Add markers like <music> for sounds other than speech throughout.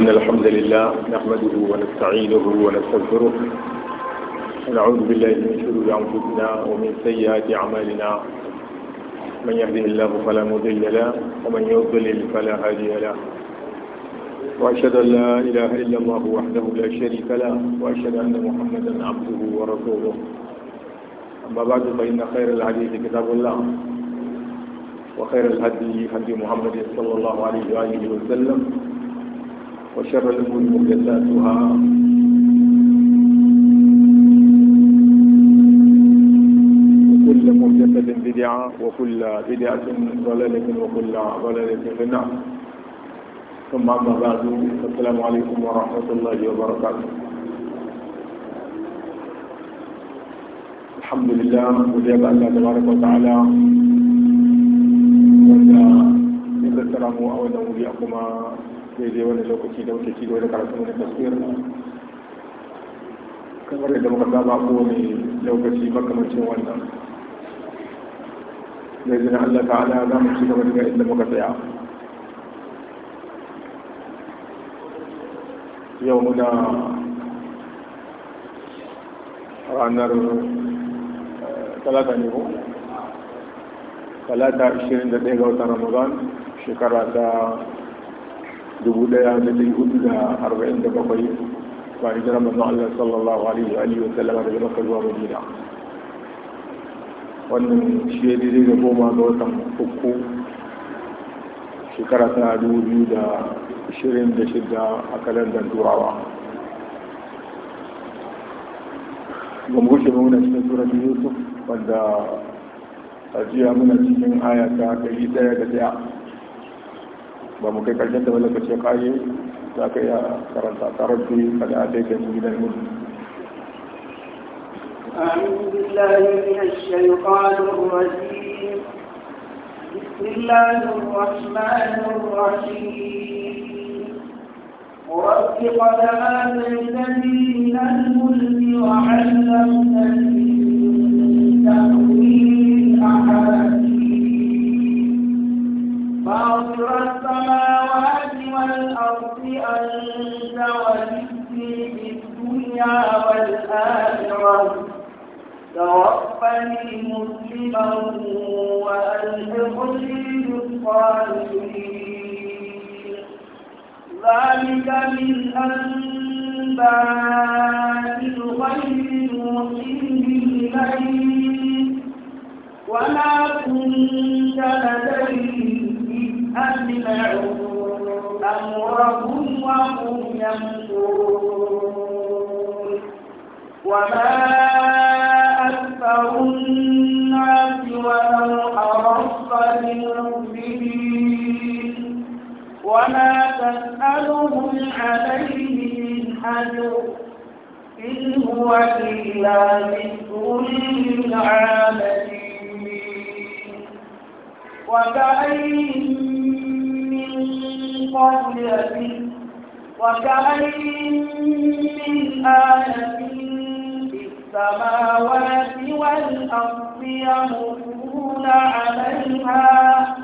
إن الحمد لله نحمده ونستعينه ونستغفره ونعوذ بالله من شرور أنفسنا ومن سيئات أعمالنا من يهده الله فلا مضل له ومن يضلل فلا هادي له وأشهد أن لا إله إلا الله وحده لا شريك له وأشهد أن محمدا عبده ورسوله أما بعد فإن خير الحديث كتاب الله وخير الهدي هدي محمد صلى الله عليه وآله وسلم وشر الأمور محدثاتها وكل محدثة بدعة وكل بدعة ضلالة وكل ضلالة في النار ثم أما بعد السلام عليكم ورحمة الله وبركاته الحمد لله وجاب الله تبارك وتعالى وإذا ترموا أولا وليكما zai je wani lokaci da wuce ci gaba da karatu wani tafsir kamar yadda muka saba ne lokaci makamancin wannan zai zina Allah ta'ala za mu ci gaba daga inda muka tsaya yau muna ranar eh, talata ne ko talata 21 ga watan ramadan shekara ta dubu ɗaya da ɗari hudu da arba'in da bakwai ba a hijirar manzon Allah sallallahu alaihi wa sallam daga Makka zuwa Madina wannan shi ya daidai da goma ga watan uku shekara ta dubu biyu da ashirin da shida a kalandar turawa ga gushe muna cikin suratun yusuf wanda a jiya muna cikin aya ta ɗari ɗaya da ɗaya ba mu kai karjanta wala ka ce kaye za ka iya karanta tarar su أعوذ بالله من الشيطان الرجيم بسم الله الرحمن الرحيم ورب قد آمنتني من الملك وعلمت والآخرة توفني مسلما وألحقني بالصالحين ذلك من أنباء الغيب نوحيه إليك وما كنت لديهم إذ أجمعوا أمرهم وهم يمكرون وما أكثر الناس ولو حرصت بالمؤمنين وما تسألهم عليه من أجر إن هو إلا ذكر للعالمين وكأين من قرية وكأين من آية السماوات والأرض يمرون عليها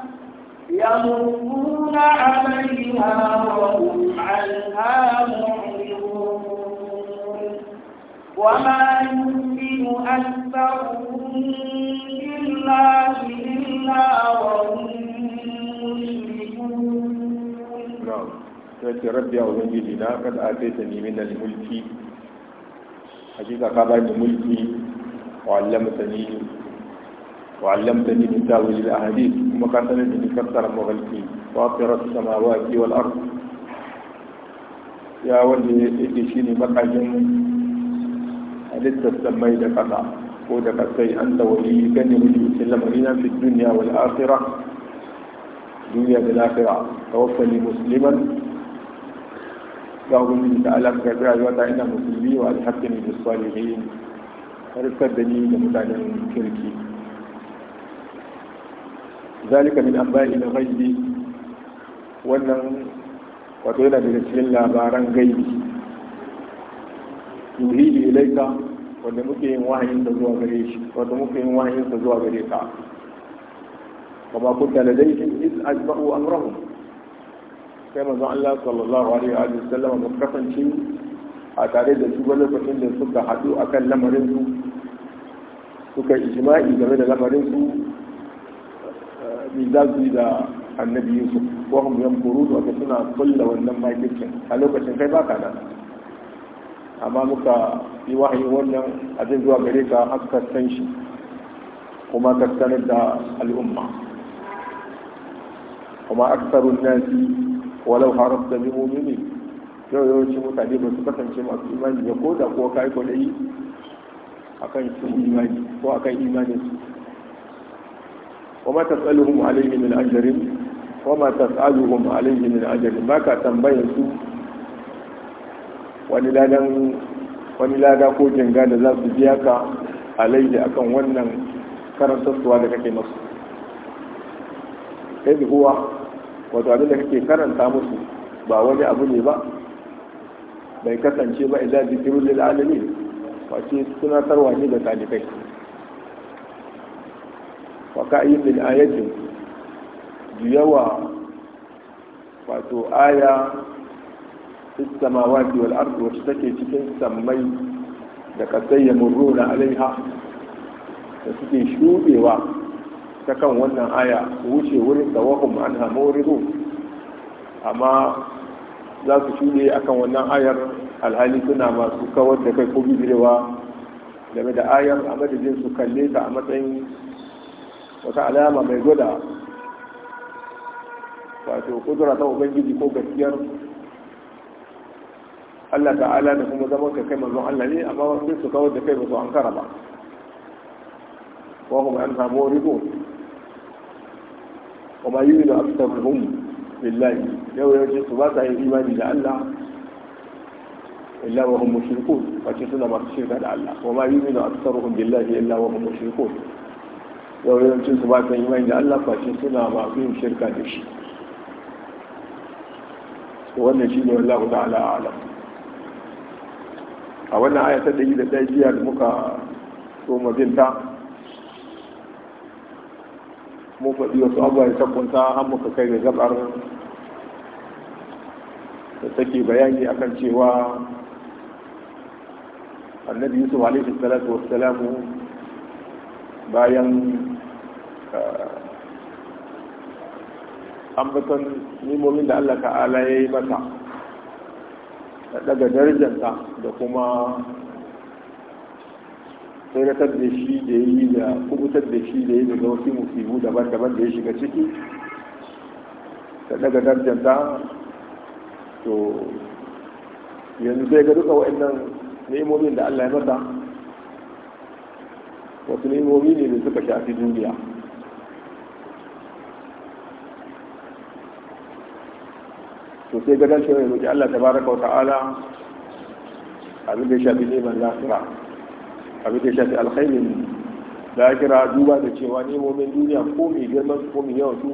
يمرون عليها وهم عنها معرضون وما يؤمن أكثرهم بالله إلا وهم مشركون. نعم. ربي أعوذ بك قد آتيتني من الملك حقيقة قضاء ملكي وعلمتني وعلمتني من تاويل الأحاديث ثم قتلني كثرة مغلقي فاطرة السماوات والأرض يا ولي اتشيني مقعد ألدت السمي لك ودك السي أنت ولي كان وسلم لنا في الدنيا والآخرة الدنيا بالآخرة توفني مسلما ya ubangiji ta Allah ka karbi rayuwa ta ina musulmi wa alhaqqani bis salihin harkar da ni da mutanen kirki zalika min anba'i al-ghaibi wannan wato yana daga cikin labaran gaibi yuhihi ilaika wanda muke yin wahayin sa zuwa gare shi wanda muke yin wahayin sa zuwa gare ka kama kunta ladaihim iz ajma'u amrahum sai manzon Allah sallallahu alaihi wa sallam mu kasance a tare da su wani lokacin da suka haɗu akan lamarin su suka ijma'i game da lamarin su bi su yi da annabi Yusuf ko hum yamkuru wa suna kulla wannan makircin a lokacin kai baka nan amma muka yi wahayin wannan abin zuwa gare ka haka san shi kuma ka sanar da al'umma kuma aksarun nasi walau da bi mu'mini yau ci mutane ba su kasance masu imani ba ko da ko kai ko dai akan su imani ko akan imanin su wa ma tas'aluhum alayhi min ajrin wa ma tas'aluhum alayhi min ajrin ba ka tambayar su wani ladan wani lada ko jinga da za su biya ka alayhi akan wannan karantarsuwa da kake masu إذ هو wato abin da kake karanta musu ba wani abu ne ba bai kasance ba idan zikirun lil alamin wace tarwa ne da talibai wa ka'ayyin min ayatin yawa wato aya السماوات والأرض واشتكي cikin sammai da kasai ya alaiha da suke shuɗewa ta kan wannan aya wuce wurin da wahum an hamoriru amma za su shuɗe akan wannan ayar alhali suna masu kawar da kai ko bijirewa game da ayar a madadin su kalle ta a matsayin wata alama mai gwada wato kudura ta ubangiji ko gaskiyar Allah ta'ala da kuma zaman ka kai manzon Allah ne amma wasu su kawar da kai ba su an kara ba wahum an hamoriru wa ma yuridu aktharuhum billahi yau yau ce su ba sa yin imani da Allah illa wa hum mushrikun wace suna masu shirka da Allah wa ma yuridu aktharuhum billahi illa wa hum mushrikun yau yau ce su ba sa yin imani da Allah wace suna masu yin shirka da shi wannan shine wallahu ta'ala a'lam a wannan aya da yi da muka so mu binta mun faɗi wasu abuwa ya tabbunta an muka kai da gabar da take bayani akan cewa annabi yusuf alaihi salatu wassalamu bayan ah, ambaton nimomin da allah ta'ala ya yi mata da daga darajarta da kuma sai ratar tabbe shi da yi da kubutar da shi da yi da daga wasu musibu daban-daban da ya shiga ciki ta daga darjanta to yanzu zai ga duka wa'annan ni'imomin da Allah ya mata wasu ni'imomi ne da suka shafi duniya to sai dan shi ne roƙi Allah tabaraka wa ta'ala abin da ya shafi neman lafiya abin da shafi alkhairin da ya kira duba da cewa nemomin duniya ko mai girman ko mai yawan su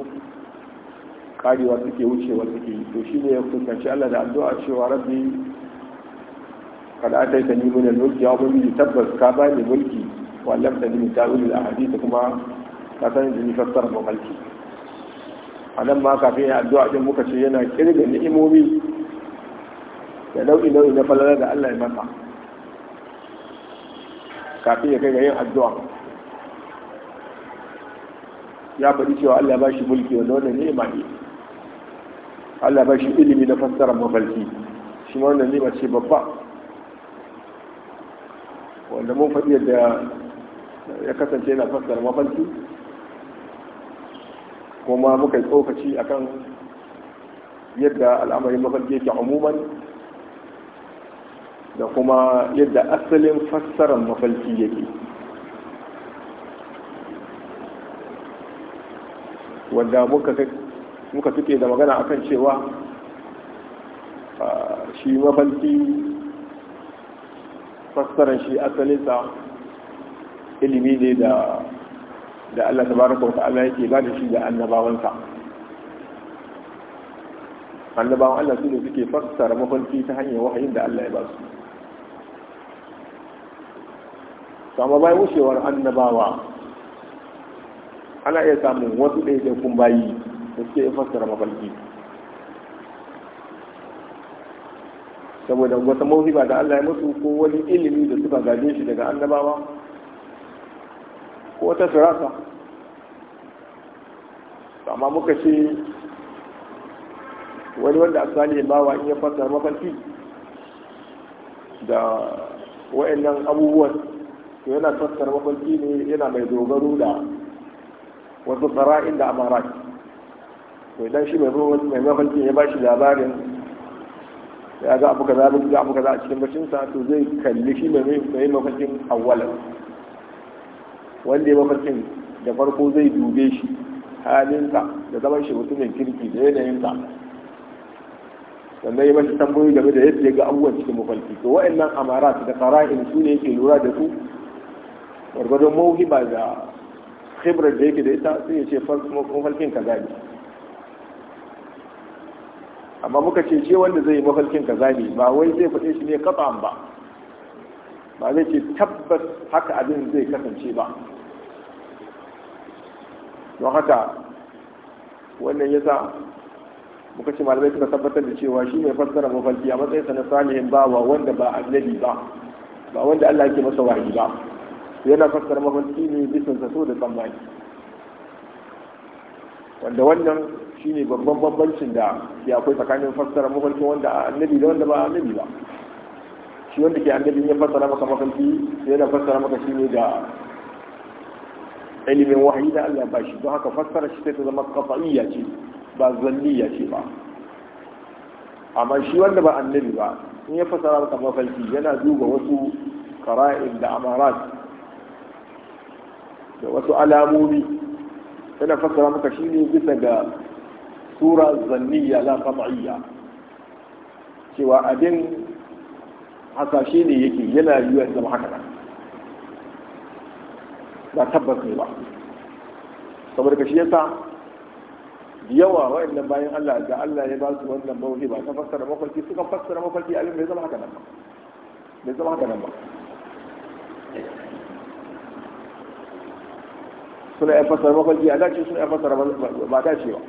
karewa suke wucewa suke yi to shi ne ya fuskanci allah da addu'a cewa rabbi kada a taita ni min mulki ya ubangiji tabbas ka ba ni mulki wallam ta min ta'ul al da kuma ka san ni fassara mulki nan ma kafin ya addu'a din muka ce yana kirga ni'imomi da nau'i nau'i na falala da Allah ya masa kafin ya kai ga yin addu'a ya faɗi cewa Allah ba shi mulki wanda ne ma ne Allah ba shi ilimi na fassarar mafalki shi ma ne ma ce babba wanda mun faɗi yadda ya kasance yana fassara mafalki kuma muka yi tsokaci akan yadda al'amarin mafalki yake umuman da kuma yadda asalin fassarar mafalki yake wanda muka suke da magana akan cewa ah, shi mafalki fassarar shi asalinsa ilimi ne da da Allah tabaraka wa ta'ala yake ba da shi da annabawansa annabawan Allah su ne suke fassara mafalki ta hanyar wahayin da Allah ya ba su sama bayan wucewar annabawa ana iya samun wasu ɗaiɗaikun bayi da suke fassara mafarki saboda wata ba da Allah ya mutu ko wani ilimi da suka gaje shi daga annabawa ko wata firasa amma muka ce wani wanda a tsali bawa in ya fassara mafarki da wa'annan abubuwan to yana tattara mafarki ne yana mai dogaro da wasu tsara'in da amarat to idan shi mai mafarki ya ba shi labarin ya ga abu kaza bin ga abu kaza a cikin sa to zai kalli shi mai mafarkin awwalan wanda ya mafarkin da farko zai dube shi halinsa da zaman shi mutumin kirki da yanayinsa sannan yi mashi tambayoyi game da yadda ya ga abubuwan cikin mafarki to wa'annan amara da tsara'in su ne yake lura da su gwargwadon mawuhiba ga khibrar da yake da ita sai ya ce mafalkin ka zaɓi amma muka ce ce wanda zai yi mafalkin ka ba wai zai faɗe shi ne kafa ba ba zai ce tabbas haka abin zai kasance ba don haka wannan yasa muka ce malamai suka tabbatar da cewa shi ne fassara mafalki a matsayinsa na salihin bawa wanda ba annabi ba ba wanda Allah yake masa wahayi ba yana fassara mafarki ne bisa zato da tsammani wanda wannan shine babban bambancin da ke akwai tsakanin fassara mafarki wanda annabi da wanda ba annabi ba shi wanda ke annabi ya fassara maka mafarki yana fassara maka shi ne da ilimin wahayi da Allah ba shi don haka fassara shi sai ta zama kafaiya ce ba zanniya ce ba amma shi wanda ba annabi ba in ya fassara maka mafarki yana duba wasu qara'in da amarat da wasu alamomi tana fassara maka shi shine bisa ga sura zanniya la qat'iyya cewa abin hasashe ne yake yana yiwuwa zama haka nan ba tabbas ne ba saboda kashi yasa yawa wa'annan bayan Allah da Allah ya ba su wannan bauhi ba ta fassara mafarki suka fassara mafarki abin bai zama haka nan ba bai zama haka nan ba suna ya fasara mafarki a dace suna ya fasara ba dace ba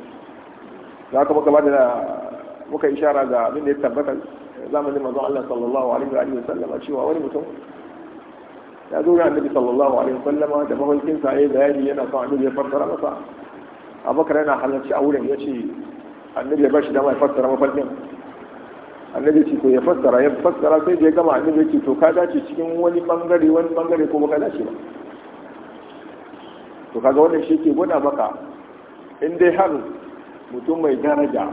za ka muka bada muka ishara ga abin da ya tabbata zamanin mazan Allah sallallahu alaihi wa sallam cewa wani mutum ya zo ga annabi sallallahu alaihi wa sallam da mahaukin sa da bayani yana son annabi ya fassara masa Abubakar yana halarci a wurin yace annabi ya bashi dama ya fassara mafarkin annabi ce to ya fassara ya fassara sai da ya gama annabi ce to ka dace cikin wani bangare wani bangare ko baka dace ba to kaga wannan shi ke guna maka in dai har mutum mai daraja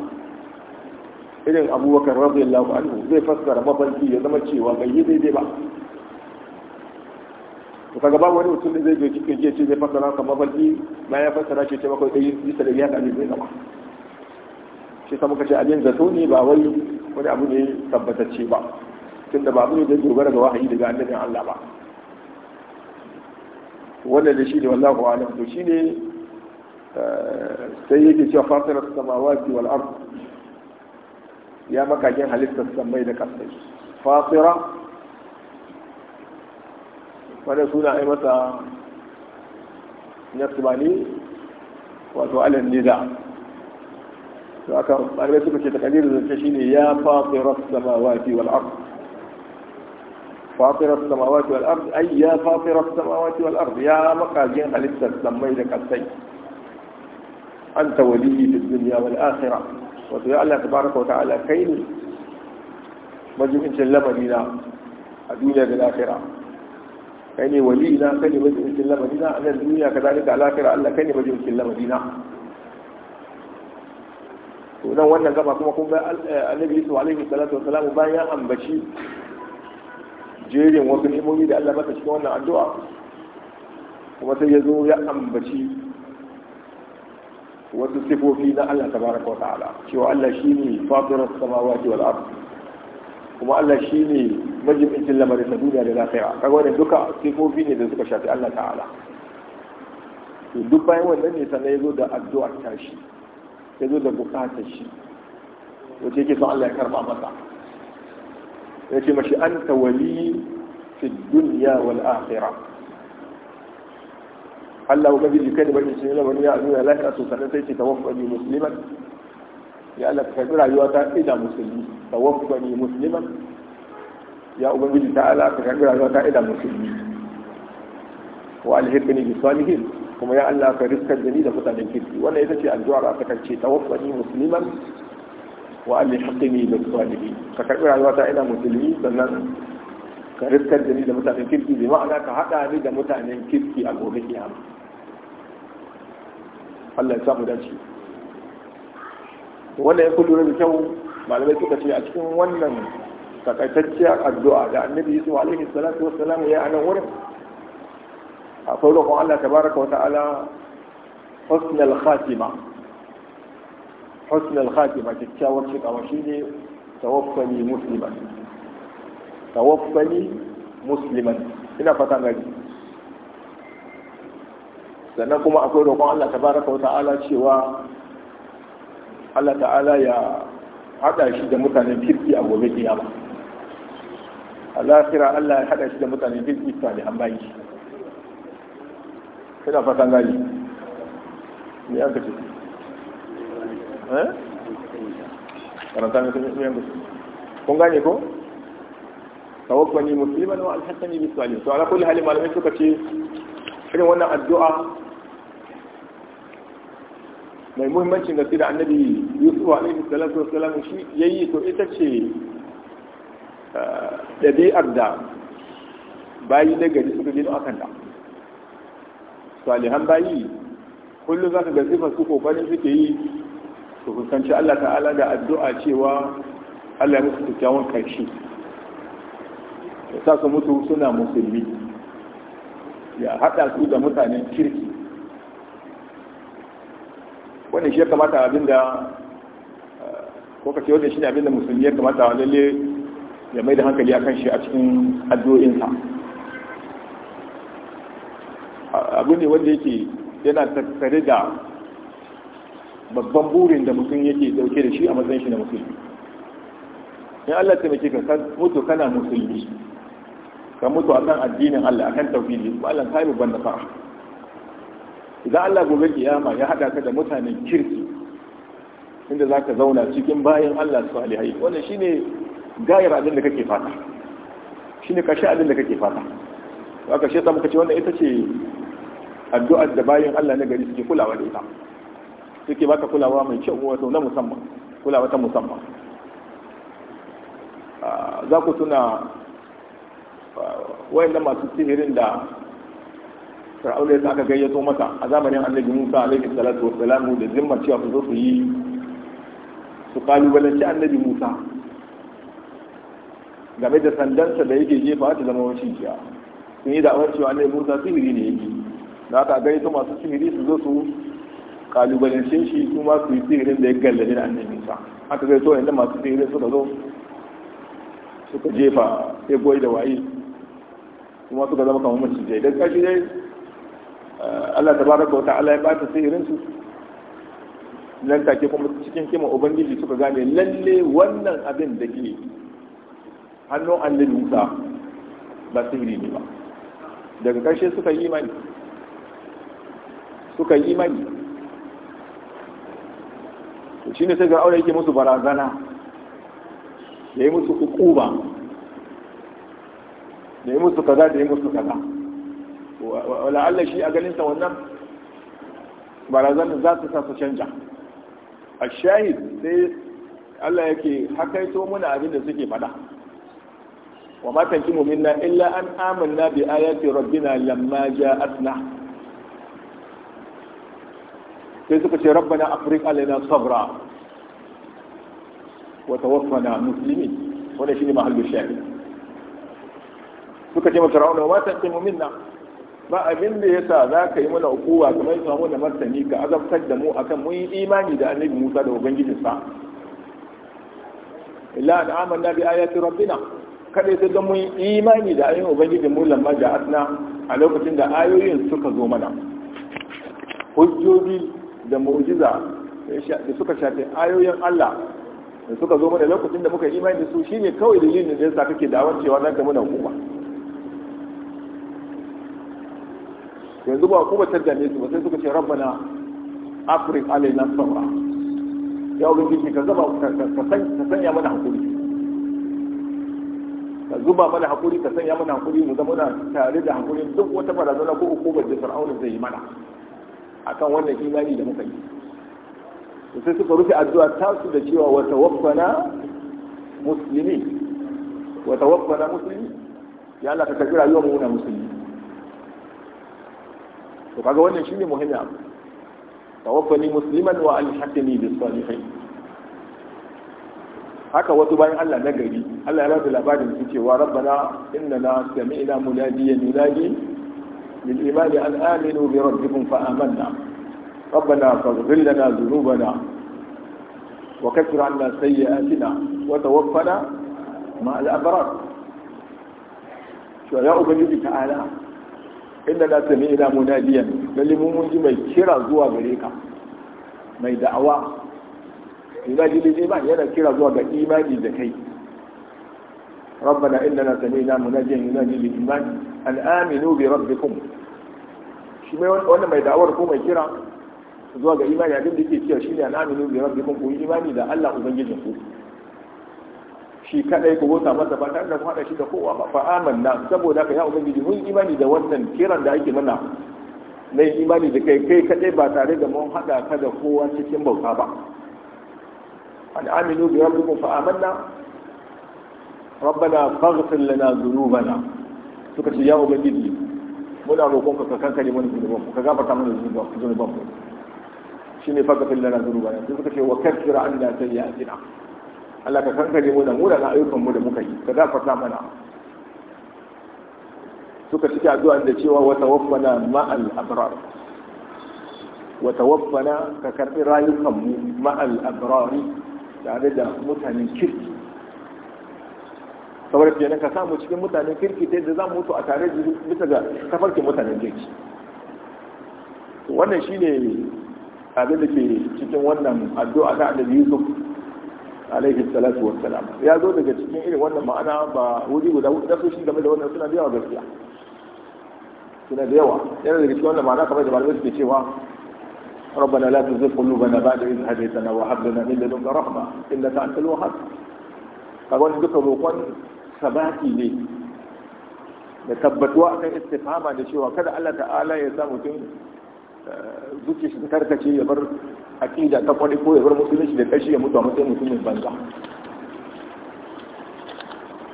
irin abubakar radiyallahu anhu zai fassara mafarki ya zama cewa bai yi daidai ba to kaga ba wani mutum da zai je cikin ce ce zai fassara ka mafarki na ya fassara shi ce maka dai bisa da ya ka zai zama shi sa muka ce abin zato ne ba wai wani abu ne tabbatacce ba tunda ba abu ne da dogara ga wahayi daga annabin Allah ba wannan da shi ne wallahu alam to shi ne eh, sai yake cewa fasirar samawati wal ard ya makakin halittar samai da kasai fasira wanda suna ai masa nasbani wato alal nida to aka ɗalibai suka ce takalirin shi ne ya fasirar samawati wal ard فاطر السماوات والأرض أي يا فاطر السماوات والأرض يا مقاجين لسه سميت كالسيد أنت ولي في الدنيا والآخرة وتقول الله تبارك وتعالى كين مجمع سلم لنا الدنيا بالآخرة كين ولينا كين مجمع سلم لنا أن الدنيا كذلك الآخرة الله كين مجمع سلم لنا wannan wannan gaba kuma kun ga annabi Yusuf alaihi salatu wasalam bayan ambaci jerin wasu himomi da Allah masa cikin wannan addu'a kuma sai ya zo ya ambaci wasu sifofi na Allah Ta tabaraka wa ta'ala cewa Allah shi ne fadunar fatirus samawati wal abu kuma Allah shi shine majibincin lamarin na duniya da lafiya kaga wannan duka sifofi ne da suka shafi Allah ta'ala to duk bayan wannan ne sannan ya zo da addu'ar tashi ya zo da bukatar shi wace yake son Allah ya karba masa ya ce mashi an tawali fi duniya wal akhira Allah ubangi ji kai da bakin shi lamarin ya nuna lafiya so sanan sai ce tawaffani musliman ya Allah ka karbi rayuwa ta ida musulmi tawaffani musliman ya ubangiji ta Allah ka karbi rayuwa ta ida musulmi wa alhiqni bi salihin kuma ya Allah ka riskar da ni da mutanen kirki wannan ita ce addu'ar aka kace tawaffani musliman wa an yahqini da salihin ka karbi rayuwa ta ina musulmi sannan ka riskar da ni da mutanen kirki bi ma'ana ka hada ni da mutanen kirki a gobe kiyama Allah ya samu dace wanda ya kullu da kyau malamai suka ce a cikin wannan takaitacciyar addu'a da annabi yusuf alaihi salatu wassalam ya anan wurin akwai roƙon Allah tabaraka wa ta'ala husnal khatima husn al-khatima kyakkyawar cikawa shine tawaffani musliman tawaffani musliman ina fata gani sannan kuma akwai roƙon Allah tabaraka wa ta'ala cewa Allah ta'ala ya haɗa shi da mutanen kirki a gobe kiyama al'akira Allah ya haɗa shi da mutanen kirki salihan bayi ina fatan gani ne aka ce karanta ne sun yi kun gane ko tawaffani musliman wa alhaqani bis salih to ala kulli hali malamai suka ce irin wannan addu'a mai muhimmancin gaske da annabi yusuf alaihi salatu wassalam shi yayi to ita ce ɗabi'ar da bayi na gari suka gino akan ta salihan bayi kullum za ka ga sifar su kokarin suke yi su kusanci Allah ta'ala da addu'a cewa Allah ya musu kyakkyawan karshe ya sa su mutu suna musulmi ya haɗa su da mutanen kirki wani shi ya kamata abinda eh, ko kace wannan shi ne abinda musulmi ya kamata lalle ya mai da hankali akan shi a cikin addu'o'insa abu ne wanda yake yana tattare da babban burin da mutum yake dauke da shi a matsayin shi na musulmi in Allah ta ka ka mutu kana musulmi ka mutu a kan addinin Allah a akan tauhidi ba Allah ta yi babban nafa idan Allah gobe kiyama ya hada ka da mutanen kirki inda za ka zauna cikin bayan Allah salihai wannan shine gayar abin da kake fata shine kashi abin da kake fata to aka ya muka ce wannan ita ce addu'ar da bayan Allah na gari suke kulawa da ita suke baka kulawa mai kyau wato na musamman kulawa ta musamman ah, za ku tuna ah, wayannan masu sihirin da fir'auna da aka gayyato mata, a zamanin annabi Musa alaihi salatu wassalamu da Zimmar, cewa su zo su yi su kalubalanci annabi Musa game da sandansa da yake jefa ta zama wacin ciya sun yi da'awar cewa annabi Musa sihiri ne yake da aka gayyato masu sihiri su zo su kalubalance shi kuma su yi tsirin da ya gallabi da annabi sa haka zai so inda masu tsirin suka zo suka jefa ya goyi da wayi kuma suka zama kamar mace jai don kashi dai eh, Allah ta baraka wata Allah ya ta tsirin su nan take kuma cikin kima ubangiji suka gane lalle wannan abin da ke hannun annabi Musa ba sihiri ne ba daga karshe suka yi mani. suka yi mani. to ne sai fir'auna yake musu barazana Da yi musu hukuma yi musu kaza da yi musu kaza Wala Allah shi a ganin sa wannan barazanar za su sa su canja a shahid sai Allah yake hakaito muna abin da suke faɗa wa matan kimomin na illa an amanna bi ayati rabbina lamma ja'atna sai suka ce rabbana afrik alaina sabra wa tawaffana muslimin wannan shine mahallu shahid suka ce masa ra'una ma taqimu minna ba abin da yasa za ka yi mana ukuwa kamar yasa mu da martani ka azabtar da mu akan mun yi imani da annabi Musa da ubangijinsa illa an amanna bi ayati rabbina kada sai don mun yi imani da ayoyin ubangijin mu lamma da a lokacin da ayoyin suka zo mana hujjoji da mu'jiza da suka shafi ayoyin Allah da suka zo mana lokacin da muka imani da su shine kawai dalilin da yasa kake da'awar cewa za ka muna hukuma yanzu ba kuma ta dame su ba sai suka ce rabbana afrik alaina sabra ya ubangiji ka zama ka sanya mana hakuri ka zuba mana hakuri ka sanya mana hakuri mu zama na tare da hakuri duk wata barazana ko hukumar da fir'auna zai yi mana akan wannan imani da muka yi sai suka rufe addu'a tasu da cewa wa tawaffana musulmi, wa tawaffana muslimi ya Allah ka kafira rayuwar mu na musulmi to kaga wannan shine muhimmi abu tawaffani musliman wa alhaqni bis salihin haka wasu bayan Allah na gari Allah ya ba labarin su cewa rabbana innana sami'na munadiyan yunadi للإيمان أن آمنوا بربكم فآمنا ربنا فاغفر لنا ذنوبنا وكفر عنا سيئاتنا وتوفنا مع الأبرار يا أبني تعالى إننا سمعنا مناديا بل مؤمن ما يكرا زوا غريكا ما يدعوا ينادي للإيمان ينا كرا زوا إيماني ذكي ربنا إننا سمعنا مناديا ينادي للإيمان al'aminu bi rabbikum shi mai wannan mai da'awar ko mai kira zuwa ga imani abin da ke cewa shi ne al'aminu bi rabbikum ku yi imani da Allah ubangijin ku shi kadai ku bauta masa ba tare da ku hada shi da kowa ba fa amanna saboda ka ya ubangiji mun imani da wannan kiran da ake mana na imani da kai kai kadai ba tare da mun hada ka da kowa cikin bauta ba al’aminu aminu bi rabbikum fa amanna ربنا فاغفر لنا ذنوبنا suka ce ya mu muna roƙon ka kankare mana zunuban ka gafarta mana zunuban mu shine faka fil lana zunuban sai suka ce wa da kaffira anna sayyi'atina Allah ka kankare mu da mu da ayyukan mu da muka yi ka gafarta mana suka cike addu'a da cewa wa tawaffana ma'al abrar wa tawaffana ka karbi rayukan mu ma'al abrar tare da mutanen kirki saboda nan ka samu cikin mutanen kirki ta yadda za mu mutu a tare da bisa ga tafarkin mutanen kirki wannan shine abin da ke cikin wannan addu'a na annabi Yusuf alaihi salatu wassalam ya zo daga cikin irin wannan ma'ana ba wuri guda wuri da soshi game da wannan suna da yawa gaskiya suna da yawa yana daga cikin wannan ma'ana kamar da malamai suke cewa ربنا لا تزغ قلوبنا بعد إذ هديتنا وهب لنا من لدنك رحمة إنك أنت الوهاب kaga wani duka roƙon sabati ne da tabbatuwa akan istifama da cewa kada Allah ta'ala ya sa mutum eh, zuci shi karkace ya bar aqida ta kwani ko ya bar musulunci da kashi ya mutu a matsayin mutumin banza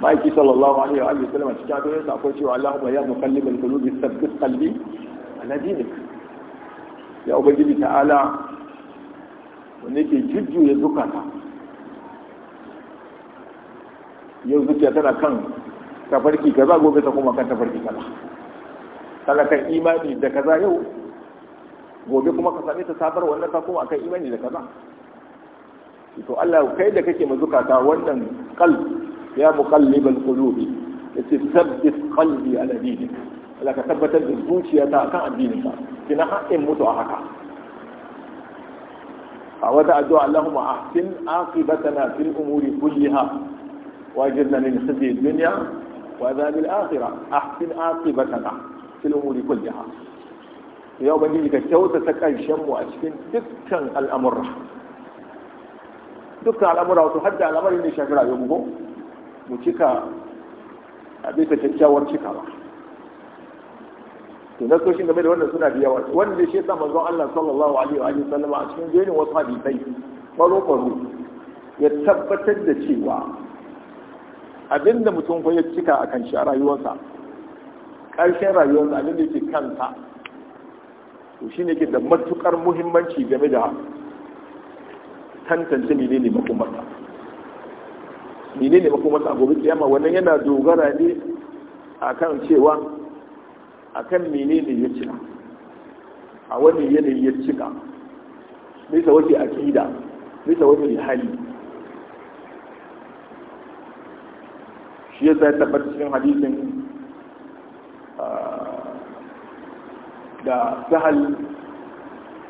ma'aiki sallallahu alaihi wa alihi a cikin adorin sa akwai cewa Allahumma ya muqallibal qulubi tsabbit qalbi ala dinik ya ubangiji ta'ala wanda yake jujjuya zukata yau zuciya tana kan tafarki kaza gobe ta kuma kan tafarki kaza kaga kan imani da kaza yau gobe kuma ka same ta sabar wannan ta kuma akan imani da kaza to Allah kai da kake mazukata wannan kal ya muqallibal qulubi yace sabbit qalbi ala dinik Allah ka tabbatar da zuciyata akan addinin ka kina haƙin mutu a haka a wata addu'a Allahumma ahsin aqibatana fil umuri kulliha واجرنا من خزي الدنيا وعذاب الآخرة أحسن عاقبتنا في الأمور كلها يا بني الشوطة تكاي شم وأشكن دكا الأمر دكا الأمر وتحدى الأمر اللي شكرا يومه وشكا أبيك تتجاور شكا to na soshin game da wannan suna da yawa wanda shi sa manzon Allah sallallahu alaihi wa sallama a cikin jerin wasu hadisai baro baro ya tabbatar da cewa abinda mutum fa ya cika a kan shi a rayuwarsa ƙarshen rayuwarsa abinda yake kansa to shi ne ke da matuƙar muhimmanci game da tantance ne ne makomarsa ne ne makomarsa a gobe tsayama wannan yana dogara ne a kan cewa a kan mene ne ya cika a wani yanayi ya cika nisa wace akida nisa wace hali shi yasa ya tabbata cikin hadisin ah, da sahal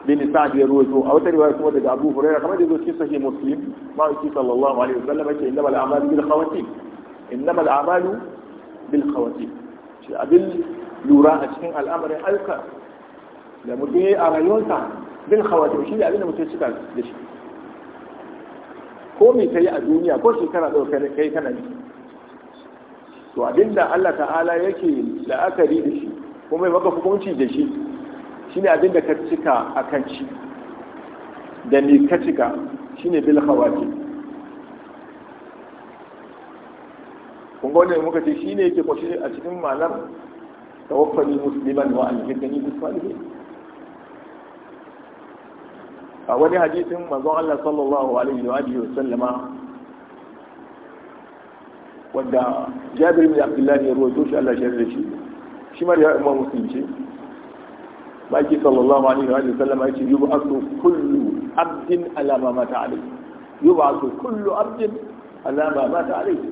bin sa'ad ya ruwaito a wata riwaya kuma daga Abu Hurairah kamar da zo cikin sahih Muslim ma yake sallallahu alaihi wasallam yake innamal a'malu bil khawatim innamal a'malu bil khawatim shi abin lura a cikin al'amarin alka da mutum ya yi a rayuwarsa bil khawatim shi ne abin da mutum ya cika da shi ko me kai a duniya ko shekara ɗauka kai kana ciki to abinda Allah ta'ala yake la'akari da shi kuma ya maka hukunci da shi shine abinda ka cika a kan shi da ni ka cika shine bil hawaji kun ga muka ce shi ne yake kwashe a cikin ta wakwani musulman wa alhidani bis salihin a wani hadisin manzon Allah sallallahu alaihi wa wa sallama wanda jabir bin abdullahi ruwa to shi Allah shi da shi shi ma ya imam muslim ce baki sallallahu alaihi wa sallam ya ce Asu, kullu abdin ala ma mata yubu Asu, kullu abdin ala ma mata alayhi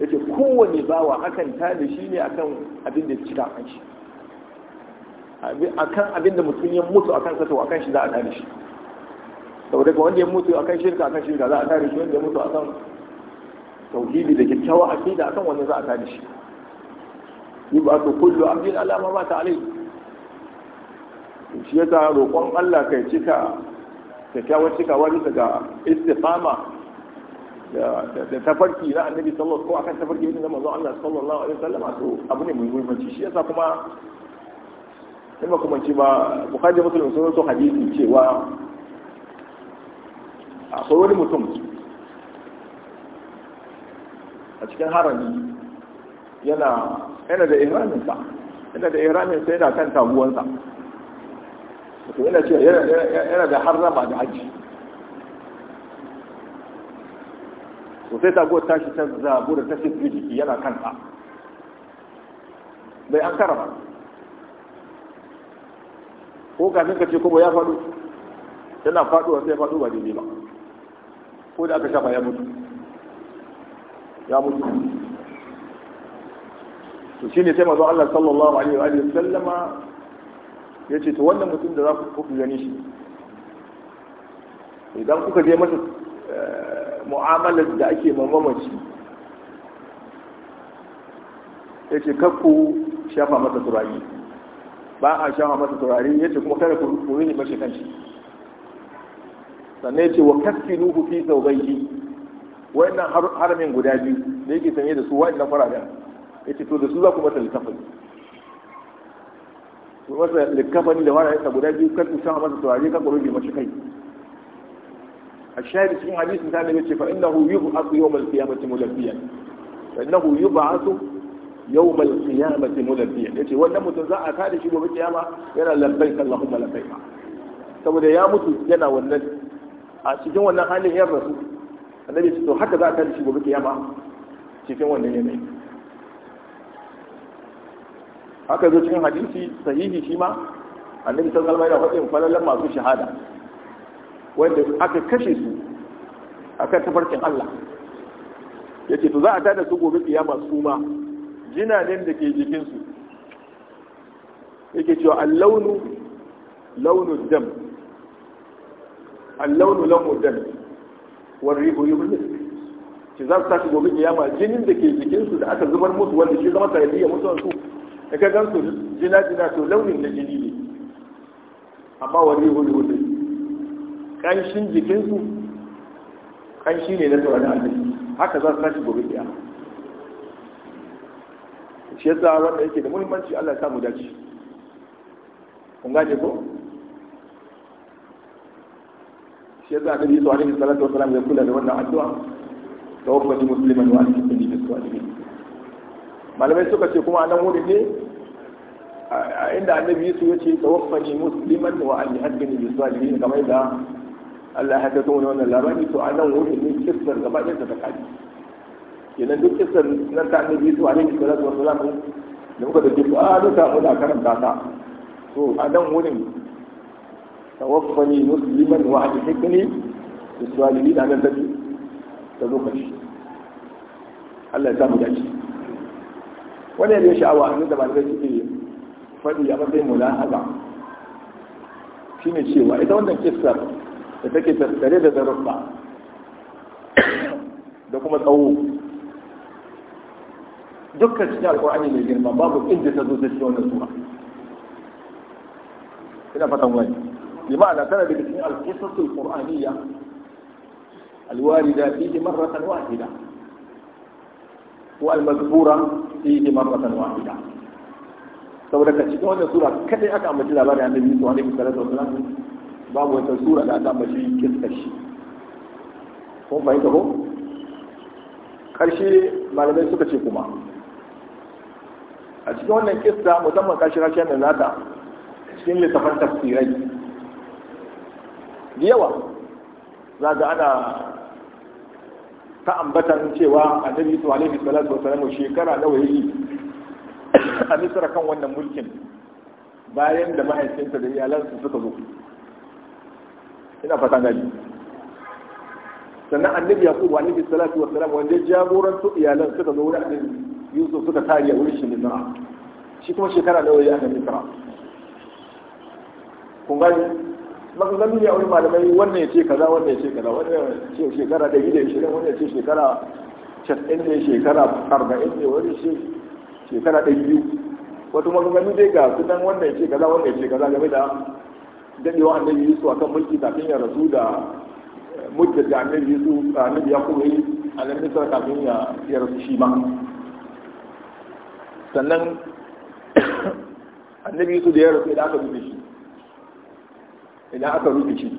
yace kowane bawa akan ta da shi ne akan abin da cika kan shi akan abin da mutum ya mutu akan sa to akan shi za a tare shi saboda wanda ya mutu akan shirka akan shirka za a tare shi wanda ya mutu akan tauhidi da kyakkyawa aqida akan wannan za a tada shi yubatu kullu abdin ala ma ta alai shi yasa roƙon Allah kai cika kyakkyawar cikawa bisa ga istiqama da tafarki na annabi sallallahu alaihi wasallam akan tafarki na manzon Allah sallallahu alaihi wasallam to abu ne mai muhimmanci shi yasa kuma in kuma ci ba bukhari muslim sun so hadisi cewa akwai wani mutum a cikin harami yana yana da ihraminsa yana da ihraminsa yana kan taguwansa to yana ce yana da harama da haji to sai taguwar tashi ta zabu da ta fi jiki yana kansa bai an karama ko kafin ka ce kuma ya faɗo yana faɗuwa sai ya faɗo ba daidai ba ko da aka shafa ya mutu ya mutu to shine sai manzo Allah sallallahu alaihi wa sallama yace to wannan mutum da za ku ku gani shi idan kuka je masa eh, mu'amalar da ake mamamaci ya ce kakku shafa masa turayi, ba a shafa masa turayi ya ce kuma kada ku rini kan shi. sannan ya ce wa kakki nuhu fi saubaiki wayannan haramin guda biyu da yake sanye da su wayannan fararen ce to da su za ku mata littafin ku masa littafin da wani yasa guda biyu kan kusa masa turare kan kurobe mashi kai a shahidi cikin hadisin ta nabi ce fa innahu yub'athu yawmal qiyamati mulabbiyan fa innahu yub'athu yawmal qiyamati ya ce wannan mutum za a kada shi gobe kiyama yana labbaik allahumma ba saboda ya mutu yana wannan a cikin wannan halin ya rasu annabi su to haka za a tada shi gobe kiyama cikin wannan yanayi haka zo cikin hadisi sahihi shi ma annabi sallallahu alaihi wasallam yana falalan masu shahada wanda aka kashe su kan tafarkin Allah yace to za a tada su gobe kiyama su ma jinanen da ke jikin su yake cewa al-launu launu dam al-launu launu dam والريح يبلس ki za su tashi gobe kiyama jinin da ke jikinsu da aka zubar musu wanda shi zama sanadiyya mutuwan su da ka gansu jina jina to launin na jini ne amma wani hulu hulu kanshin jikinsu kanshi ne na tsoron Allah haka za su tashi gobe ya? shi yasa wanda yake da muhimmanci Allah ya samu dace kun gane ko shi yasa annabi Yusuf alaihi salatu wasalam ya kula da wannan addu'a tawaffani musliman wa alhiqni bis salihin malamai suka ce kuma nan wurin ne inda annabi Yusuf ya ce tawaffani musliman wa alhiqni bis salihin kamar da Allah ya haka wani wannan labari to a nan wurin ne kissar gaba ɗaya ta kaji kenan duk kissar nan ta annabi Yusuf alaihi salatu wasalam da muka da ah, kifa karanta ta wurin tawaffani musliman wa alhiqni bis salihin anan ni da da lokaci Allah ya samu dace wannan ne sha'awa a ne da malamai suke faɗi a matsayin Shi ne cewa ita wannan kissar da take tattare da zarurfa da kuma tsawo dukkan cikin alkur'ani mai girma babu inda ta zo ta cikin wannan sura ina fatan wani bi ma'ana tana daga cikin alƙisasul qur'aniyya alwarida fihi marratan wahida wa almadhkura fihi marratan wahida saboda ka cikin wannan sura kadai aka ambaci labarin annabi Yusuf alaihi salatu wasalam babu wata sura da aka ambaci kiskar shi kun fahimta ko karshe malamai suka ce kuma a cikin wannan kista musamman kashi rashin da nata cikin littafan tafsirai da yawa za ga ana ta ambatan cewa annabi yusuf alaihi salatu wa salamu shekara nawa yi a misira kan wannan mulkin bayan da mahaifinsa da iyalansu suka zo ina fata gani sannan annabi yaqub alaihi salatu wa salamu wanda ya su iyalan suka zo wurin annabi yusuf suka a wurin shi misra shi kuma shekara nawa yi a misira kun gani maganganu ne a wani malamai wannan ya ce kaza wannan ya ce kaza wannan ya ce shekara ɗari da ishirin wannan ya ce shekara casa'in ne shekara arba'in ne wani ce shekara ɗari biyu wato maganganu dai ga kudan wannan ya ce kaza wannan ya ce kaza game da daɗewa annabi yusuf akan mulki kafin ya rasu da mulki da annabi yusuf annabi ya kuma yi annabi sa kafin ya rasu shi ma sannan <coughs> annabi yusuf da ya rasu da aka bude shi idan aka rufe shi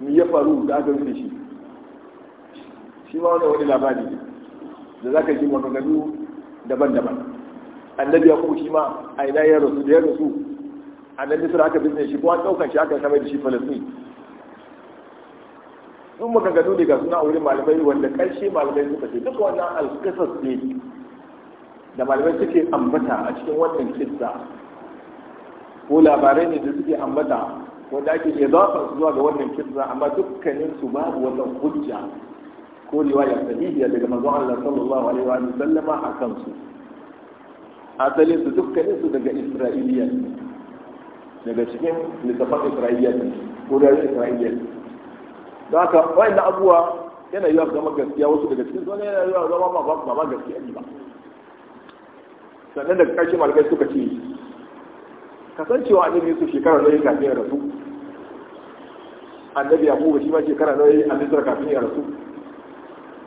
Ni ya faru da aka rufe shi shi ma wani wani labari da za ka ji maganganu daban-daban annabi ya kuma shi ma a ina ya rasu da ya rasu annabi sura aka bizne shi kuma ɗaukan shi aka samar da shi falastin sun maganganu ne ga suna a wurin malamai wanda ƙarshe malamai suka ce duk wannan alkasas ne da malamai suke ambata a cikin wannan kissa ko labarai ne da suke ambata wanda ake idafar zuwa ga wannan kirza amma dukkanin su babu wannan hujja ko riwaya sahihiya daga manzon Allah sallallahu alaihi wa sallama kan su asalin su dukkanin su daga Isra'iliya daga cikin littafan Isra'iliya ko da Isra'iliya Da haka wayan abuwa yana yiwa zama gaskiya wasu daga cikin zuwa yana yiwa zama ba ba gaskiya ne ba sannan daga ƙarshe malamai suka ce kasancewa ne su shekara ya kafin ya rasu annabi ba shi ma shekara na yayi annabi kafin ya rasu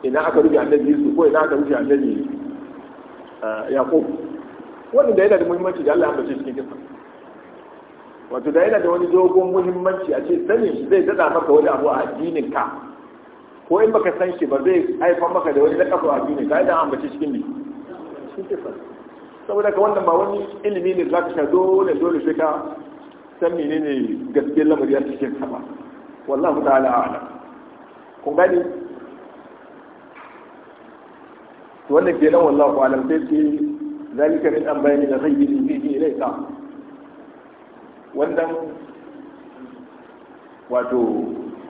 ina aka rufe annabi yusuf ko ina aka rufe annabi eh, ko wannan da yana da muhimmanci da Allah ya ambace cikin kisa wato da yana da wani dogon muhimmanci a ce sanin shi zai dada maka wani abu a addinin ka ko in baka san shi ba zai haifar maka da wani lakafa a addinin ka idan ambace cikin ne cikin kisa saboda ka wannan ba wani ilimi ne za ka dole dole sai ka san menene gaskiyar lamari a cikin sa ba wallahu ta'ala a'lam kun gani to wannan ke nan wallahu a'lam sai ce zalika min an bayani da ghaibi bihi ilayka wannan wato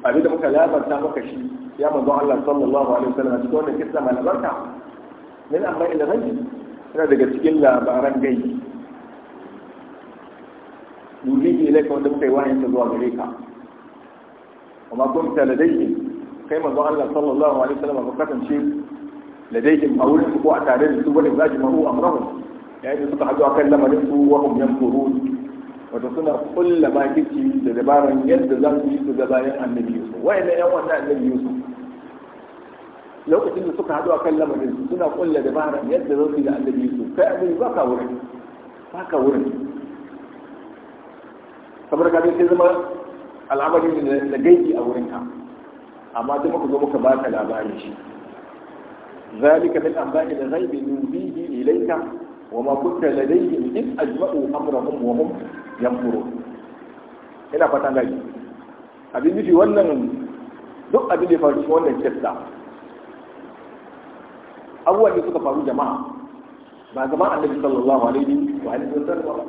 abin da muka labarta maka shi ya manzo Allah sallallahu alaihi wasallam a cikin wannan kissa mai albarka min an bayani da ghaibi yana daga cikin labaran gai dubi ilayka wanda muka yi wahayin zuwa gare ka وما كنت لديهم كما قال الله صلى الله عليه وسلم وكتم شيء لديهم أول سبوع تعليل سبوع أجمعوا أمرهم يعني سبوع حدوا كان لما نفسوا وهم ينفرون وتصنع كل ما كنتي لدبارا يد يد لدبارا النبي يوسف وإن يوانا النبي يوسف lokacin da suka haɗu a kan lamarin suna kulla dabara يد zan يد da يد su kai abin ba ka wurin ba ka wurin kamar ka sai al'amari ne da gaibi a wurin ka, amma duk muka zo muka baka labarin shi ذلك من أنباء الغيب wa إليك وما كنت لديهم إذ أجمعوا أمرهم وهم ينفرون ina fatan gani abin nufi wannan duk abin da faru wannan kissa abubuwan da suka faru jama'a ba zama annabi sallallahu alaihi wa alihi wa sallam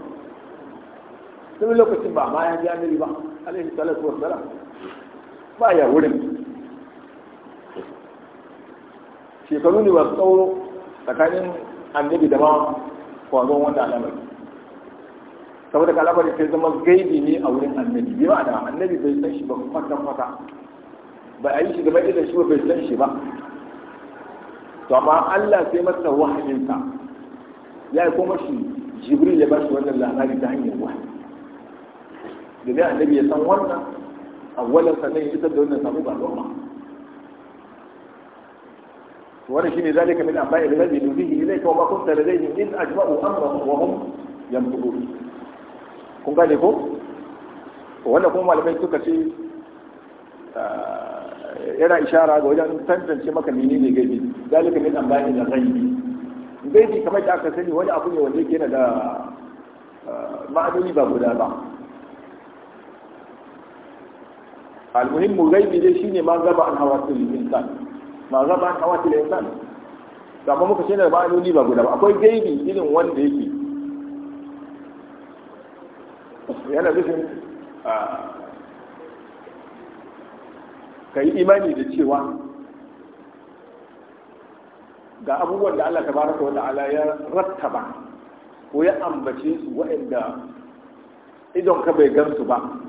sun lokacin ba ma ya ji annabi ba alaihi salatu wassalam baya wurin shekaru ne masu tsawo tsakanin annabi da ma kwazon wanda alamar saboda ka ne sai zama gaibi ne a wurin annabi bi ma'ana annabi bai san shi ba kwata kwata ba a yi shi gaba idan shi ba bai san shi ba to amma Allah sai masa wahayinsa ya yi kuma shi jibril ya ba shi wannan labari ta hanyar wahayi domin annabi ya san wannan awwalan sannan ya isar da wannan sabo ga al'umma wannan shine zalika min anba'i alladhi nuhihi ilayka wa ma kunta ladayhim in ajma'u amrahum wa hum yamkurun kun gane ko wannan kuma malamai suka ce eh, yana ishara ga wajen tantance maka menene gaibi zalika min anba'i al-ghaibi gaibi kamar da aka sani wani abu ne wanda yake da eh, ma'anoni ba guda ba almuhimmu gaibi dai shine ma gaba an hawatul insan ma gaba an hawatul insan amma muka ce da ma'anoni ba guda ba akwai gaibi irin wanda yake yana nufin ka yi imani da cewa ga abubuwan da Allah tabaraka wa ta'ala ya rattaba ko ya ambace su waɗanda idon ka bai gansu ba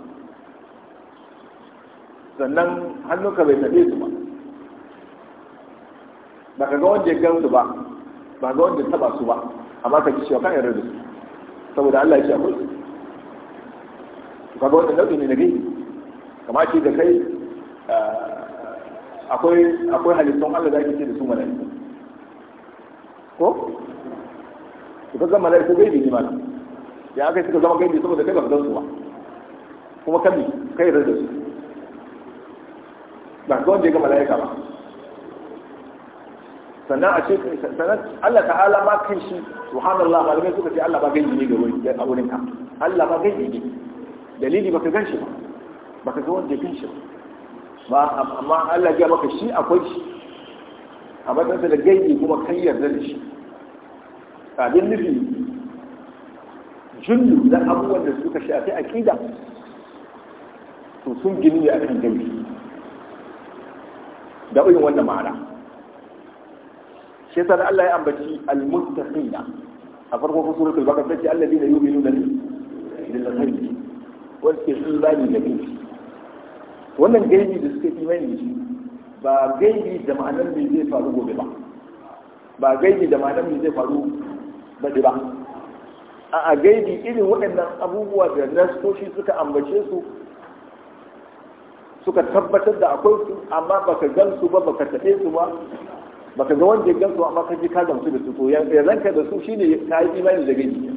sannan hannuka bai tabe su ba ba ka ga wanda ya gan su ba ba ga wanda ya taba su ba amma ka ci cewa kan yarda su saboda Allah ya ce akwai su ka ga wanda nau'i ne na gai kama ce da kai eh, akwai halittun Allah da ake ce da su mala'iku ko su ka zama mala'iku bai ne mana ya aka suka zama gaibi saboda kai ba ka gan su ba kuma kami kai yarda su ba ga wanda ya ga mala'ika ba sannan a ce sannan Allah ta'ala ma kan shi subhanallah malamai suka ce Allah ba gani ne ga wurin ka Allah ba gani ne dalili baka gan shi ba baka ga wanda ya gan shi ba amma Allah ya maka shi akwai shi a matsayin da gani kuma kai yarda da shi abin nufi junnu na abubuwan da suka shafi aƙida to sun gini ne akan gani da irin wannan ma'ana shi yasa Allah ya ambaci al-muttaqina a farko ko suratul baqara sai Allah zai yu'minu da bil ghaibi wal bani da gaibi wannan gaibi da suka imani da shi ba gaibi da ma'anar me zai faru gobe ba ba gaibi da ma'anar me zai faru bade ba a a gaibi irin waɗannan abubuwa da nasoshi suka ambace su suka tabbatar da akwai su amma baka gan su ba baka tafe su ba baka ga wanda gan su amma ka ji ka gamsu da su to ya ranka da su shine ka yi imani da gaibi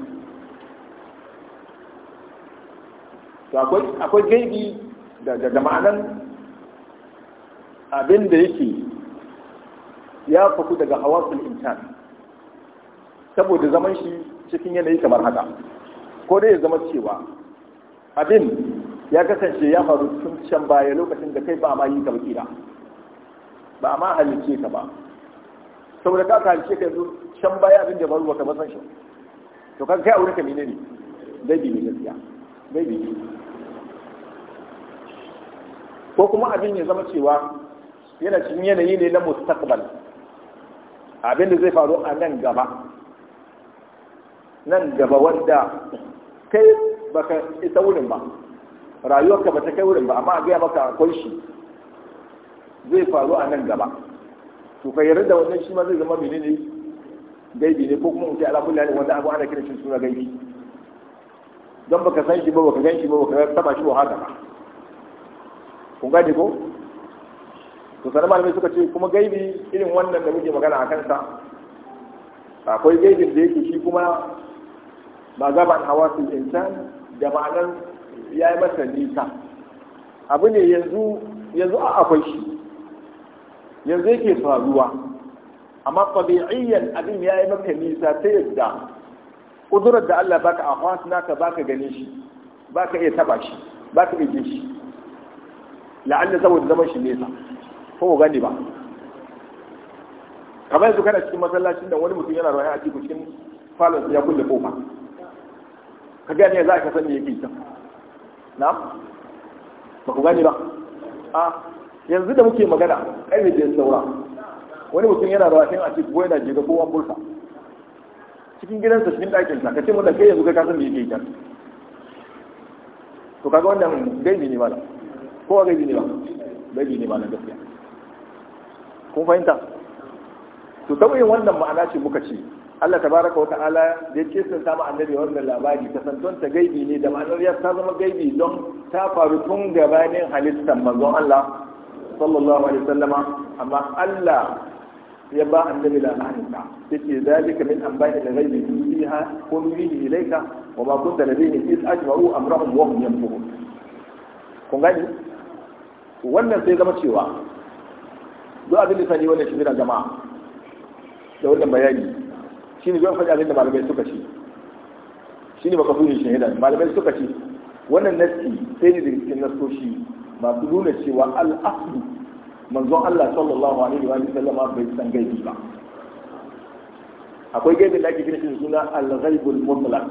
to akwai akwai gaibi da da ma'anan abin da yake ya faku daga hawasul insan saboda zaman shi cikin yanayi kamar haka ko dai ya zama cewa abin ya kasance ya faru tun can baya lokacin da kai ba ma yi ka bakira ba ma halice ka ba saboda ka halice ka yanzu can baya abin da baruwa baka ba shi to kan kai aure ka mene ne dai bi ne gaskiya dai bi ko kuma abin ya zama cewa yana cikin yanayi ne na mustaqbal abin da zai faru a nan gaba nan gaba wanda kai baka isa wurin ba rayuwarka ba ta kai wurin ba amma a gaya maka akwai shi zai faru a nan gaba to ka yarda da wannan shi ma zai zama ne gaibi ne ko kuma mutai ce ala kulli halin wanda abu ana kira shi suna gaibi don baka san shi ba baka gan shi ba baka taba shi ba haka ba kun gane ko to sanar malamai suka ce kuma gaibi irin wannan da muke magana a kansa akwai gaibin da yake shi kuma ba gaban hawasul insan da ma'anar ya yi masa nisa abu ne yanzu a akwai shi yanzu yake faruwa amma fabi'iyyar abin ya yi maka nisa ta yadda kudurar da Allah baka a hasna naka baka gani shi baka iya taba shi baka iya shi la'alla saboda zaman shi nesa ko gani ba kamar yanzu kana cikin masallacin da wani mutum yana rayu a cikin falon ya kulle kofa ka gani ya za ka san me yake ta. na ba ku gani ba a ah, yanzu da muke magana ƙarfe da saura wani mutum yana da wasan a cikin yana jiga ko an cikin gidansa cikin ɗakinsa ka ce mun da kai yanzu kai kasan da yake can to kaga wannan gaibi ne malam ko gaibi ne ba gaibi ne malam gaskiya kun fahimta to saboda wannan ma'ana ce muka ce Allah tabaraka wa ta'ala ya ce sun samu annabi wannan labari kasanton ta gaibi ne da ma'anar ya ta zama gaibi don ta faru tun gabanin halittar manzon Allah sallallahu alaihi wasallama amma Allah ya ba annabi labarin ta yace zalika min anba'i al-ghaibi fiha kun bihi ilaika wa ma kunta ladayhi iz ajma'u amrahum wa hum yanfurun kun gani wannan sai zama cewa duk abin da sani wannan shi jama'a da wannan bayani shine zan faɗi abin da malamai suka ce ne baka fi shahida malamai suka ce wannan nasi sai ne da cikin nassoshi masu nuna cewa al manzon Allah sallallahu alaihi wa sallam bai san gaibi ba akwai gaibi da ake kiransa shi suna al-ghaibul mutlaq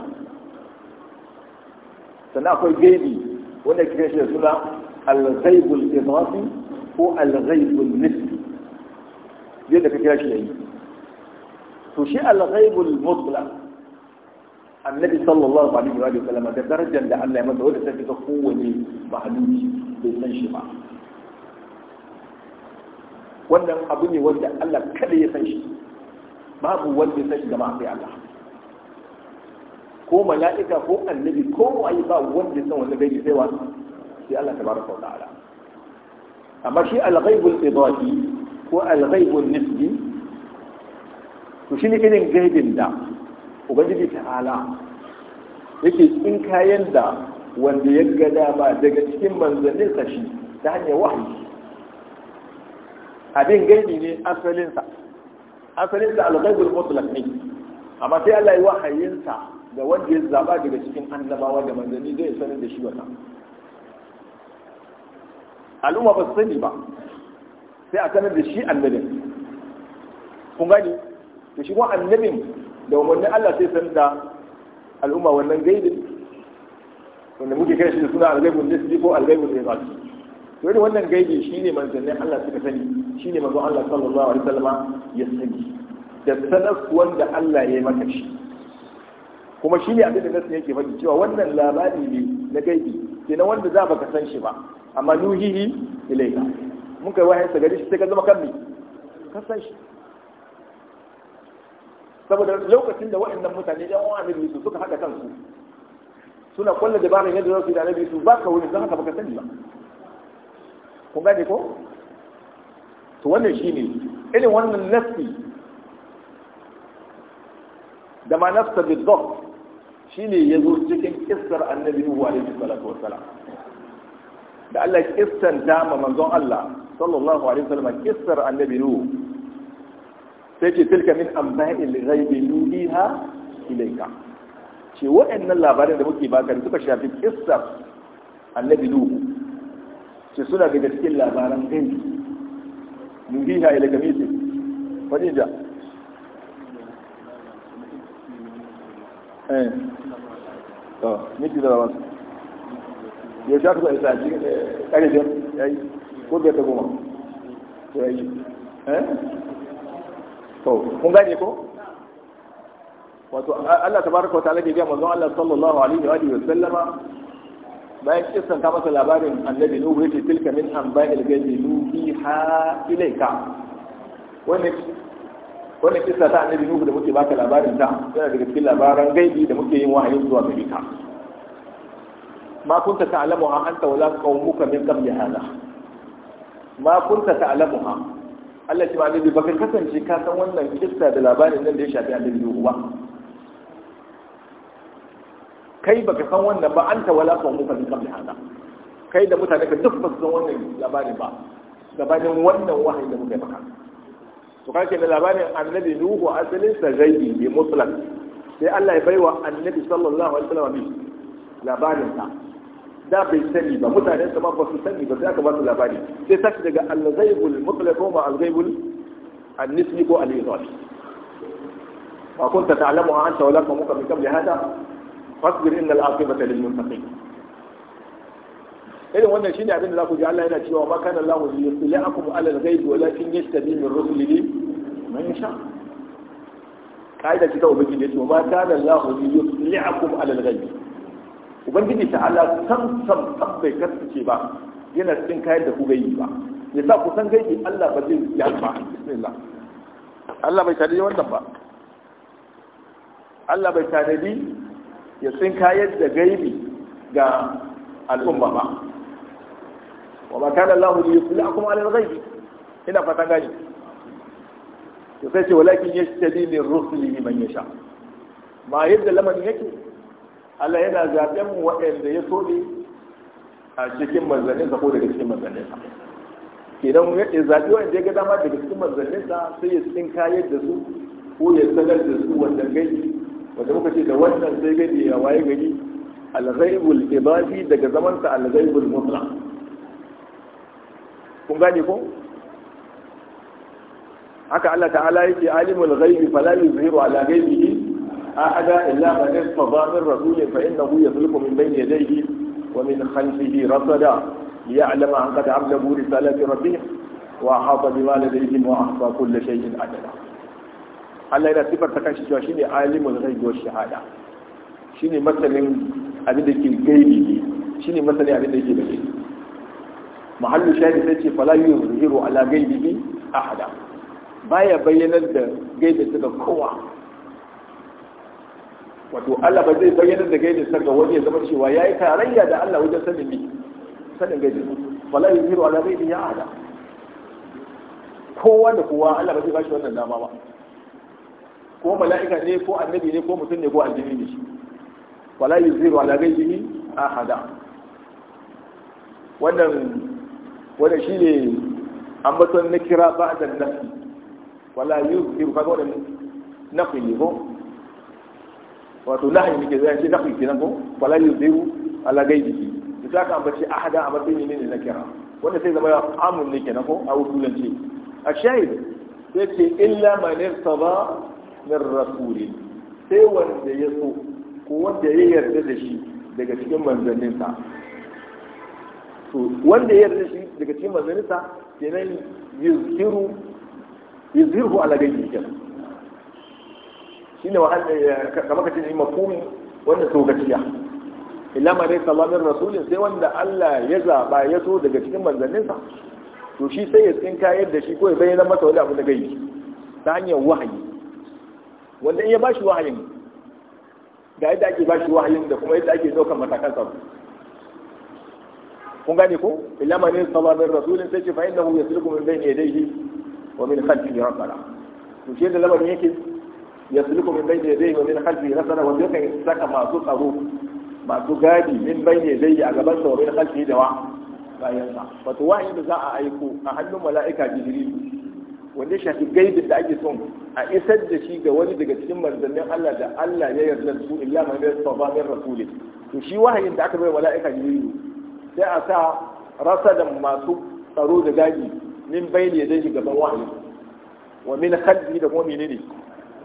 sannan akwai gaibi wanda ake kiransa shi suna al-ghaibul idafi ko al-ghaibul nisbi yadda ka kira shi yayi to shi al-ghaibul mutlaq annabi sallallahu alaihi wa sallam da darajar da Allah ya masa wanda take ga kowane mahaluki bai san shi ba wannan abu ne wanda Allah kada ya san shi babu wanda ya san shi gama sai Allah ko mala'ika ko annabi ko wai ba wanda ya san wanda gaibi sai wa sai Allah tabaraka wa ta'ala amma shi al-ghaibul idahi ko al-ghaibun nisbi to ne irin gaibin da ubangiji ta'ala yake tsin kayan da wanda ya ga dama daga cikin manzannin sa shi ta hanyar wahayi abin gaibi ne asalinsa asalinsa alghaibul mutlaq ne amma sai Allah ya wahayinsa ga wanda ya zaba daga cikin annabawa da manzanni zai sanar da shi wannan al'umma ba su sani ba sai a sanar da shi annabin kun gani to shi kuma annabin da umarnin Allah sai san da al'umma wannan gaibin wanda muke kai shi da suna al-ghaibun nisbi ko al-ghaibun irad to irin wannan gaibi shine manzannin Allah suka sani shine manzon Allah sallallahu alaihi wasallam ya sani da sadaf wanda Allah ya yi maka shi kuma shi ne abin da nasu yake faɗi cewa wannan labari ne na gaibi na wanda za ka san shi ba amma nuhihi ilaika mun kai wahayin sa gari shi sai ka zama kan me ka san shi saboda lokacin da waɗannan mutane ɗan uwan annabi su suka haɗa kansu suna kwalla dabarun yadda za su yi da annabi su ba ka wuri don haka baka sani ba kun gane ko to wannan shine irin wannan nafsi da ma nafsa bi shine ya zo cikin kissar annabi Nuhu alaihi salatu wassalam da Allah kissar dama manzon Allah sallallahu alaihi wasallam kissar annabi Nuhu sai ce tilka min amba'il ghaibi nuhiha ilayka ce wa'annan labarin da muke baka da suka shafi kissa annabi nuhu ce suna daga cikin labaran gaibi nuhiha ilayka mece wani da eh to miki da wasu ya sha ku sai ci kare da yayi ko da ta goma to yayi eh to kun gane ko wato Allah tabaraka wa ta'ala ke ga manzon Allah sallallahu alaihi wa alihi wa sallama bayan kisan ta masa labarin annabi nuhu yace tilka min anba'il ghaibi nuhiha ilayka wannan Wani kisa ta annabi nuhu da muke baka labarin ta yana daga cikin labaran gaibi da muke yin wahayin zuwa gare ka ma kunta ha anta wala qaumuka min qabli hada ma kunta ha. Allah ce ba annabi baka kasance ka san wannan kissa da labarin nan da ya shafi annabi Nuhu ba kai baka san wannan ba anta wala qawmuka min qabli hada kai da mutane ka duk su san wannan labarin ba gabanin wannan wahayi da muka yi maka to kake da labarin annabi Nuhu asalin sa gaibi bi mutlaq sai Allah ya baiwa annabi sallallahu alaihi wasallam labarin sa da bai sani ba mutanen sa ba su sani ba sai aka ba su labari sai tashi daga al-ghaibul mutlaq ko ma al-ghaibul an-nisbi ko al-idhafi wa kunta ta'lamuha anta wa lakum min qabli hada fasbir inna al-aqibata lil-muttaqin irin wannan shine abin da za ku ji Allah yana cewa ma kana Allahu yusli'akum ala al-ghaib walakin yastabi min rusulihi man yasha kaida ce ta ubangiji ne to ma kana Allahu yusli'akum ala al-ghaib ubangiji ta Allah san san bai kasance ba yana cikin kayan da ku gayi ba ya sa ku san gayi Allah ba zai yi ba bismillah Allah bai tare wannan ba Allah bai bi ya sun kayan da gaibi ga al'umma ba wa ba kana Allah li yusli'akum 'ala alal ghaibi ina fatan gani to sai ce walakin yashtadi li rusulihi man yasha ma yadda lamarin yake Allah yana zaɓen waɗanda ya so a cikin manzanninsa ko daga cikin manzanninsa idan ya zaɓi wanda ya ga dama daga cikin manzanninsa sai ya cikin kayan da su ko ya sanar da su wanda gani wanda muka ce da wannan sai gani ya waye gani alghaibul ibadi daga zamansa alghaibul mutla. kun gane ko haka Allah ta'ala yake alimul ghaibi fala yuzhiru ala ghaibi أحدا إلا من ارتضى من رسول فإنه يسلك من بين يديه ومن خلفه رصدا ليعلم أن قد عبده رسالة ربه وأحاط بما لديهم وأحصى كل شيء عددا Allah yana sifarta kanshi cewa shine alimul ghaib wa shahada shine masanin abin da ke gaibi ne shine masanin abin da ke da gaibi mahallu shahidi sai ce fala yuzhiru ala ghaibihi ahada baya bayyanar da gaibin daga kowa wato Allah ba zai bayyana da gaidin sa ga waje zama cewa yayi tarayya da Allah wajen sanin ni sanin gaidin wala yuhiru ala ya ada kowa da kowa Allah ba zai bashi wannan dama ba ko mala'ika ne ko annabi ne ko mutum ne ko aljini ne wala yuziru ala ghaibihi ahada wannan wanda shine ambaton na kira ba'da nafi wala yuziru kaga wannan nafi ne ko wato nahi ne ke zai ce nahi kenan ko wala yi ala gaibihi da ka ambaci ahada a matsayin ne na kira wanda sai zama amun ne kenan ko a wukulance a shahid sai ce illa man irtaba min rasuli sai wanda ya so ko wanda ya yarda da shi daga cikin manzanninsa to wanda ya yarda shi daga cikin manzanninsa kenan yuzhiru yuzhiru ala gaibihi kenan shine wahala eh, kamar ka ce mafhumi wanda to gaskiya illa ma dai alaihi wasallam sai wanda Allah ya zaba ya so daga cikin manzanninsa to shi sai ya tsinka yadda shi ko ya bayyana masa wani abu na gai. ta hanyar wahayi wanda in ya bashi wahayin ga yadda ake bashi wahayin da kuma yadda ake daukar matakan sa kun gane ko illa ma dai alaihi wasallam sai ce fa innahu yasluku min bayni yadayhi wa min khalfihi rabbana to shi da lamarin yake yasluku min bayni yadayhi wa min khalfihi rasala wanda yake saka masu tsaro masu gadi min bayni yadayhi a gaban sa wa min khalfihi da wa bayan sa wato wahayin da za a aiko a hannun mala'ika jibril wanda shafi gaibin da ake son a isar da shi ga wani daga cikin manzannin Allah da Allah ya yarda su illa man yastafa min rasuli to shi wahayin da aka bai mala'ika jibril sai a sa rasadan masu tsaro da gadi min bayni yadayhi gaban wahayin wa min khalfihi da kuma menene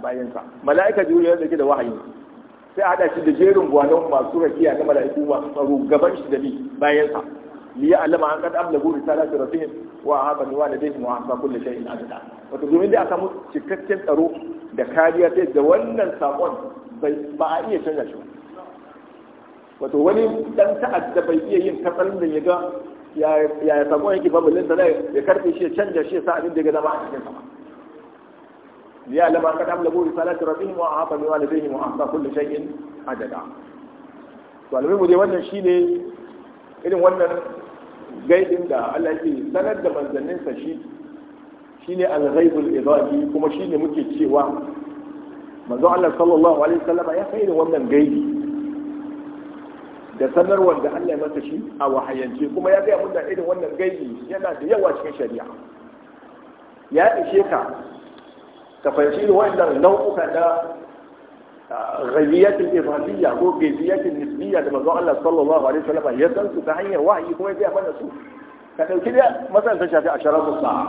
bayansa mala'ika jibril ya dauke da wahayi sai a hada shi da jerin buwanan masu rakiya na mala'iku masu tsaro gaban shi da bi bayansa li ya alama an kada ablagu risalatu rabbihim wa ni wa ladayhim wa ahsa kulli shay'in adada wato domin da aka samu cikakken tsaro da kariya sai da wannan sakon ba a iya canza shi wato wani dan ta'adda bai iya yin katsalin da ya ga ya sakon yake babalin sa ya karfe shi ya canja shi ya sa abin da ya ga dama a cikin sama ليعلم قد أبلغوا رسالة ربهم وأعطى بوالديهم وأعطى كل شيء عددا ظالمين mu dai wannan shine irin wannan gaidin da Allah yake sanar da manzanninsa shi shine al-ghaibul idahi kuma shine muke cewa manzo Allah sallallahu alaihi wasallam ya kai wannan gaidi da sanarwar da Allah ya masa shi a wahayance kuma ya gaya mun da irin wannan gaidi yana da yawa cikin shari'a ya ishe ka تفاصيل وين لو كذا غيبيات الإبراهيمية أو غيبيات النسبية لما قال صلى الله عليه وسلم يزن تبعية وحي يكون يبيع من السوء لكن كده مثلا تشعر في عشرات الساعة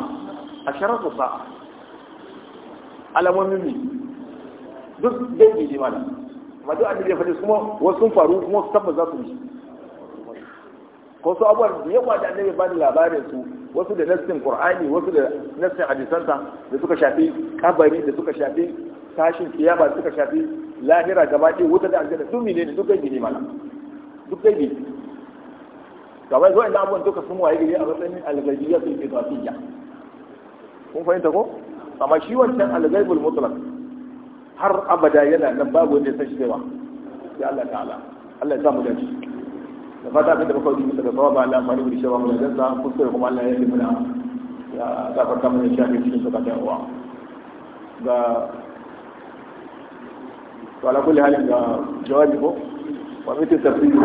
عشرات الساعة على مهم مني دوس بيجي جمالا ما دو أجل يفعل اسمه وسن فاروق مو سب ذاته مش قصوا أبوار بيوما دعني بان لا بارسوه wasu da nassin qur'ani wasu da nassin hadisansa da suka shafi kabari da suka shafi tashin kiyama da suka shafi lahira gaba ɗaya wuta da aljanna su ne duk gaibi ne mana duk gaibi gaba zuwa inda abubuwan duka sun waye gari a matsayin algaibiyya sun fi zafiya kun fahimta ko amma shi wancan algaibul mutlaq har abada yana nan babu wanda ya san shi da ba, ya' Allah ta'ala Allah ya samu dace da fata da muka bisa ga sawaba Allah amfani mu da shawa mu da kuskure kuma Allah ya yi muna ya gafarta mana cikin ga to ala kulli halin ga jawabi ko wa tafsiri